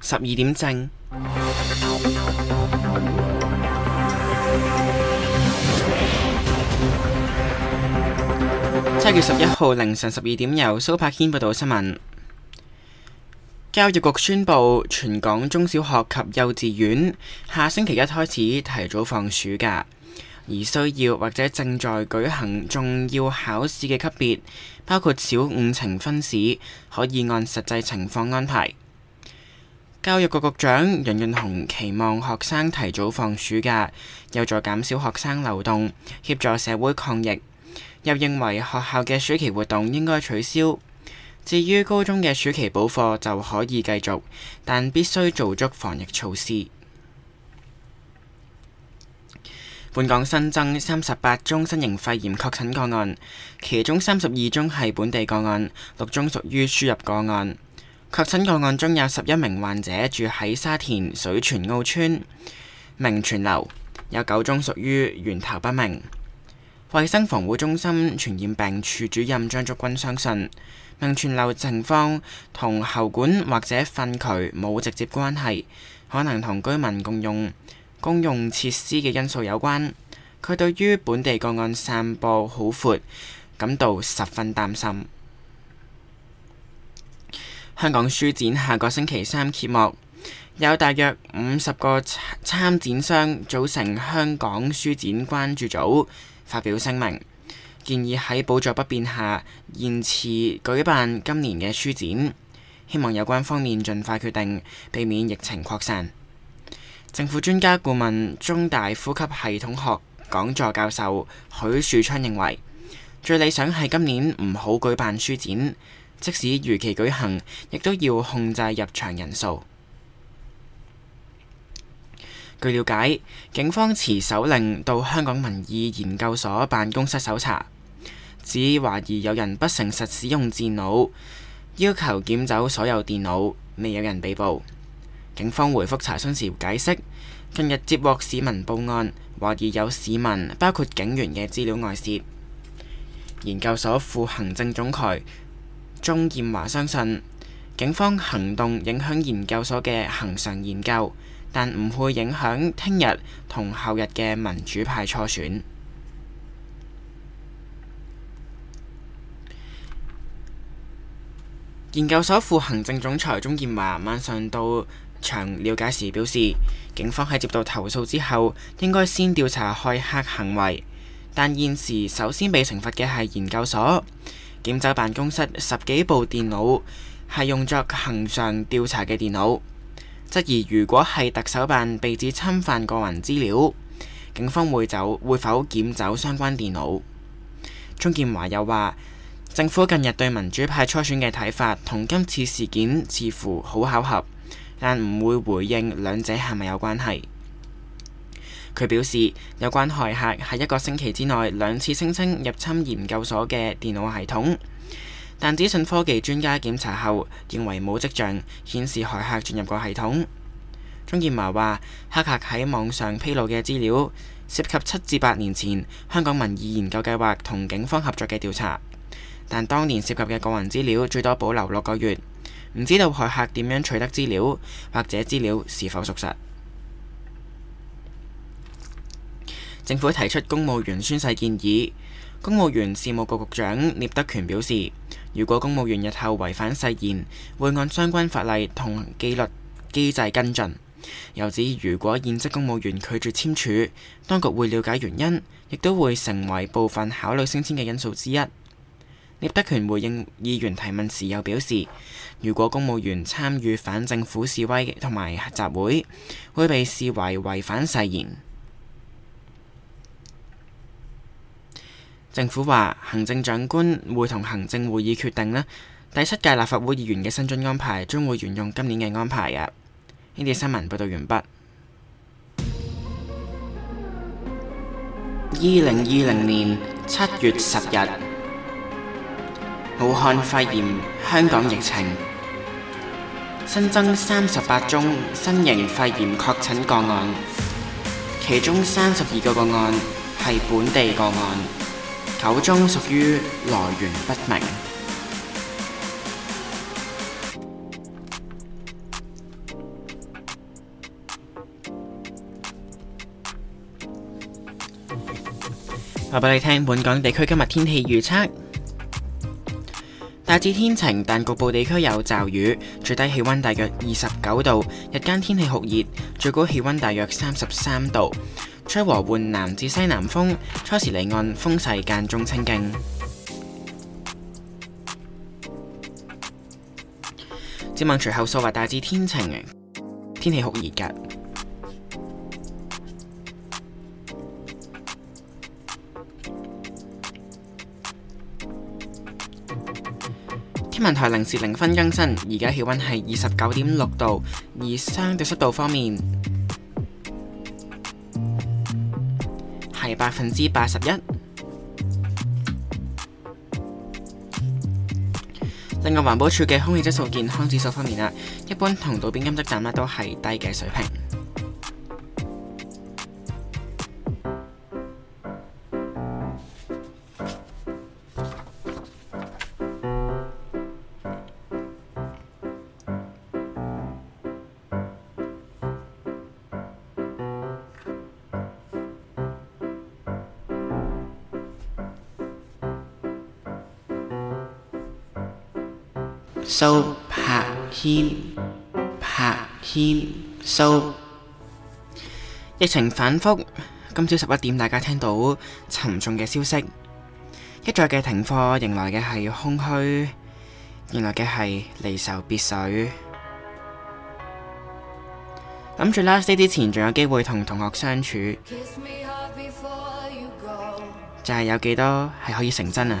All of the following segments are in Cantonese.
十二點正。七月十一號凌晨十二點，由蘇柏軒報道新聞。教育局宣布，全港中小學及幼稚園下星期一開始提早放暑假，而需要或者正在舉行重要考試嘅級別，包括小五呈分試，可以按實際情況安排。教育局局長楊潤雄期望學生提早放暑假，有助減少學生流動，協助社會抗疫。又認為學校嘅暑期活動應該取消。至於高中嘅暑期補課就可以繼續，但必須做足防疫措施。本港新增三十八宗新型肺炎確診個案，其中三十二宗係本地個案，六宗屬於輸入個案。確診個案中有十一名患者住喺沙田水泉澳村明泉樓，有九宗屬於源頭不明。衛生防護中心傳染病處主任張竹君相信，明泉樓情況同喉管或者糞渠冇直接關係，可能同居民共用公用設施嘅因素有關。佢對於本地個案散佈好闊，感到十分擔心。香港書展下個星期三揭幕，有大約五十個參展商組成香港書展關注組發表聲明，建議喺補助不變下延遲舉辦今年嘅書展，希望有關方面盡快決定，避免疫情擴散。政府專家顧問中大呼吸系統學講座教授許樹昌認為，最理想係今年唔好舉辦書展。即使如期舉行，亦都要控制入場人數。據了解，警方持手令到香港民意研究所辦公室搜查，指懷疑有人不誠實使用電腦，要求檢走所有電腦，未有人被捕。警方回覆查詢時解釋，近日接獲市民報案，懷疑有市民包括警員嘅資料外泄。研究所副行政總裁鍾建華相信警方行動影響研究所嘅恆常研究，但唔會影響聽日同後日嘅民主派初選。研究所副行政總裁鍾建華晚上到場了解時表示，警方喺接到投訴之後應該先調查開客行為，但現時首先被懲罰嘅係研究所。檢走辦公室十幾部電腦，係用作恆常調查嘅電腦，質疑如果係特首辦被指侵犯個人資料，警方會走會否檢走相關電腦？鍾建華又話：政府近日對民主派初選嘅睇法同今次事件似乎好巧合，但唔會回應兩者係咪有關係。佢表示，有關駭客喺一個星期之內兩次聲稱入侵研究所嘅電腦系統，但資訊科技專家檢查後認為冇跡象顯示駭客進入過系統。鍾劍華話：黑客喺網上披露嘅資料涉及七至八年前香港民意研究計劃同警方合作嘅調查，但當年涉及嘅個人資料最多保留六個月，唔知道駭客點樣取得資料，或者資料是否屬實。政府提出公務員宣誓建議，公務員事務局局長聶德權表示，如果公務員日後違反誓言，會按相關法例同紀律機制跟進，又指，如果現職公務員拒絕簽署，當局會了解原因，亦都會成為部分考慮升遷嘅因素之一。聶德權回應議員提問時又表示，如果公務員參與反政府示威同埋集會，會被視為違反誓言。政府話，行政長官會同行政會議決定呢第七屆立法會議員嘅薪津安排將會沿用今年嘅安排啊！呢啲新聞報道完畢。二零二零年七月十日，武漢肺炎、香港疫情新增三十八宗新型肺炎確診個案，其中三十二個個案係本地個案。口中屬於來源不明爸爸。話俾你聽本港地區今日天氣預測，大致天晴，但局部地區有驟雨。最低氣温大約二十九度，日間天氣酷熱，最高氣温大約三十三度。吹和緩南至西南風，初時離岸風勢間中清勁。接問隨後數日大致天晴，天氣好熱噶。天文台零時零分更新，而家氣溫係二十九點六度，而相對濕度方面。百分之八十一。另外，環保署嘅空氣質素健康指數方面啦，一般同路邊監測站咧都係低嘅水平。客牽 -so. 疫情反覆今朝十一點，大家聽到沉重嘅消息，一再嘅停課，迎來嘅係空虛，迎來嘅係離愁別緒。諗住 last day 之前，仲有機會同同學相處，就係、是、有幾多係可以成真啊！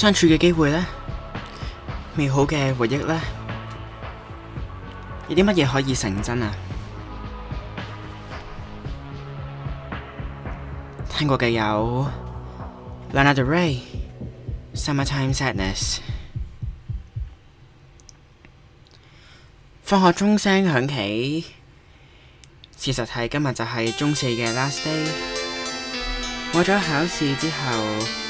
相處嘅機會呢，美好嘅回憶呢，有啲乜嘢可以成真啊？聽過嘅有《Lana Del Rey》、《Summertime Sadness》。放學鐘聲響起，事實係今日就係中四嘅 last day。我咗考試之後。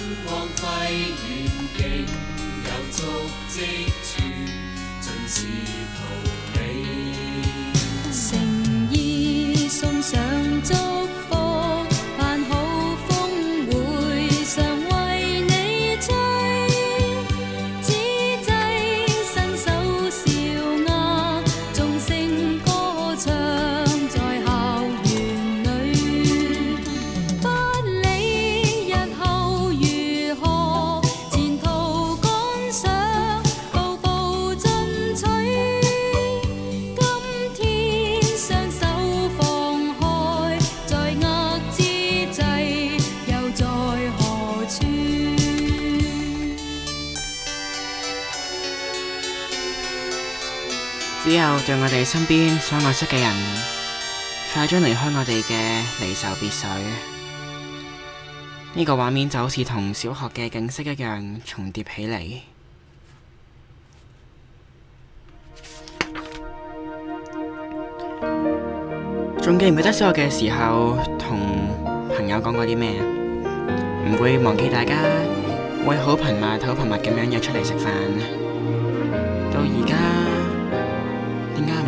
我哋身邊所愛惜嘅人，快將離開我哋嘅離愁別緒。呢個畫面就好似同小學嘅景色一樣重疊起嚟。仲記唔記得小學嘅時候，同朋友講過啲咩？唔會忘記大家會好頻密、好頻密咁樣約出嚟食飯。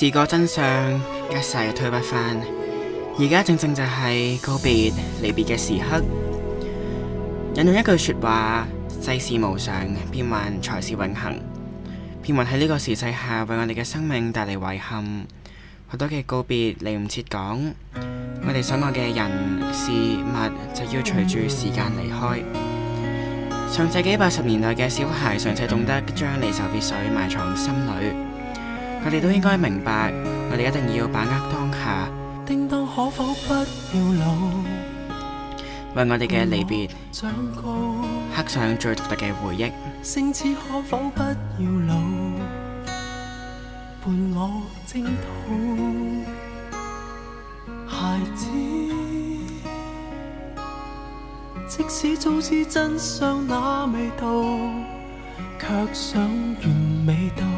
事過真相一世退不返。而家正正就係告別離別嘅時刻。引用一句說話：世事無常，變幻才是永恆。變幻喺呢個時勢下，為我哋嘅生命帶嚟遺憾，好多嘅告別嚟唔切講。我哋想愛嘅人事物，就要隨住時間離開。上世紀八十年代嘅小孩，尚且懂得將離愁別緒，埋藏心裏。佢哋都應該明白，我哋一定要把握當下。叮噹可否不要老，為我哋嘅離別刻上最獨特嘅回憶。星矢可否不要老，伴我征途，孩子，即使早知真相那味道，卻想完美到。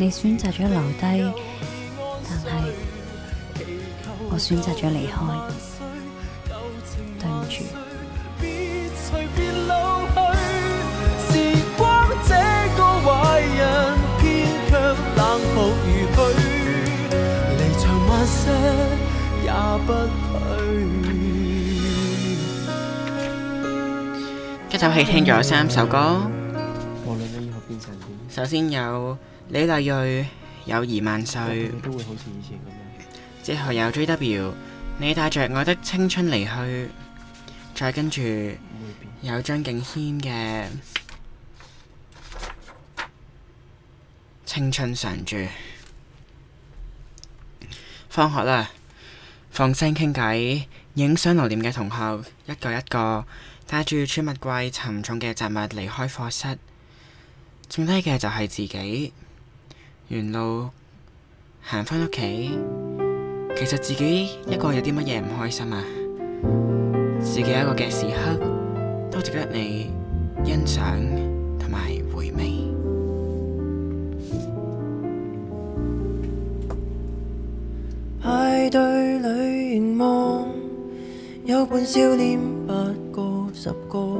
你選擇咗留低，但係我選擇咗離開，對唔住。一口氣聽咗三首歌，無論你，首先有。李麗蕊，友誼萬歲。都會好似以前咁樣。之後有 J.W，你帶着我的青春離去。再跟住有張敬軒嘅《青春常駐》。放學啦，放聲傾偈，影相留念嘅同學一個一個帶住儲物櫃沉重嘅雜物離開課室，剩低嘅就係自己。沿路行返屋企，其實自己一個有啲乜嘢唔開心啊！自己一個嘅時刻，都值得你欣賞同埋回味。派對裏凝望，有半笑臉，八個十個，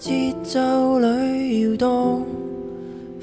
節奏裏搖動。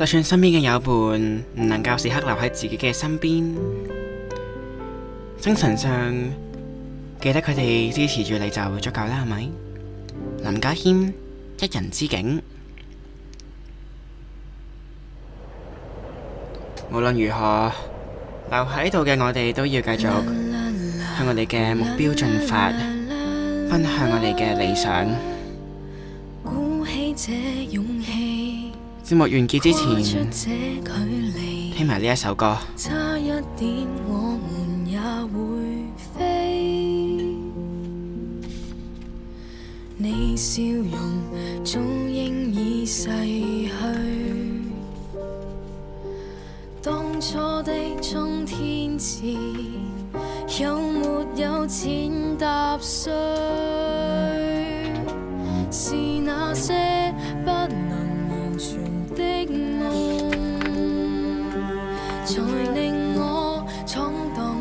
就算身邊嘅友伴唔能夠時刻留喺自己嘅身邊，精神上記得佢哋支持住你就足夠啦，係咪？林家謙一人之境。無論如何，留喺度嘅我哋都要繼續向我哋嘅目標進發，奔向我哋嘅理想。節目完結之前，聽埋呢一首歌。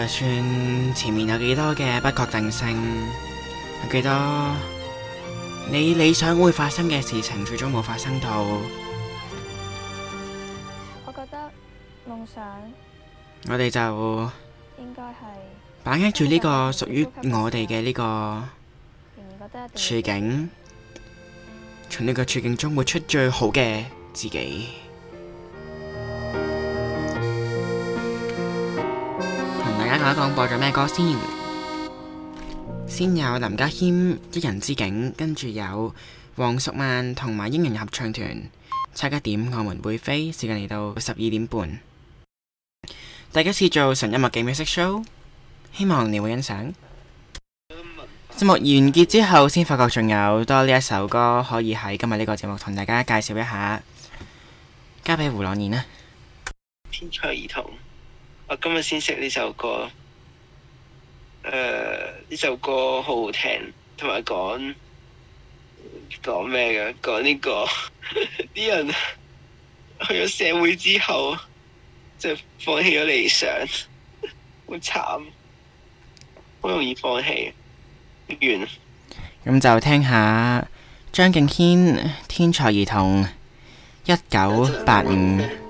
就算前面有幾多嘅不確定性，有幾多你理想會發生嘅事情最終冇發生到，我覺得夢想，我哋就應該係把握住呢個屬於我哋嘅呢個處境，從呢個處境中活出最好嘅自己。下一個播咗咩歌先？先有林家謙一人之境，跟住有黃淑蔓同埋英皇合唱團差一點我們會飛。時間嚟到十二點半，第一次做純音樂嘅 music show，希望你會欣賞。節目完結之後，先發覺仲有多呢一首歌可以喺今日呢個節目同大家介紹一下，交俾胡朗彥啦。天才兒童。我今日先識呢首歌，誒、呃，呢首歌好好聽，同埋講講咩噶？講呢、這個啲人去咗社會之後，即係放棄咗理想，好慘，好容易放棄完。咁就聽下張敬軒《天才兒童》，一九八五。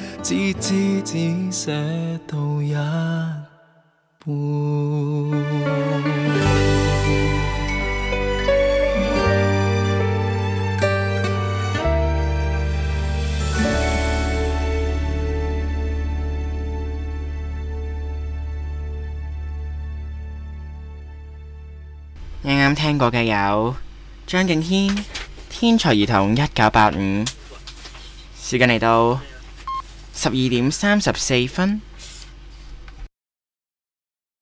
只知只寫到一半。啱啱聽過嘅有張敬軒《天才兒童》，一九八五。時間嚟到。十二點三十四分。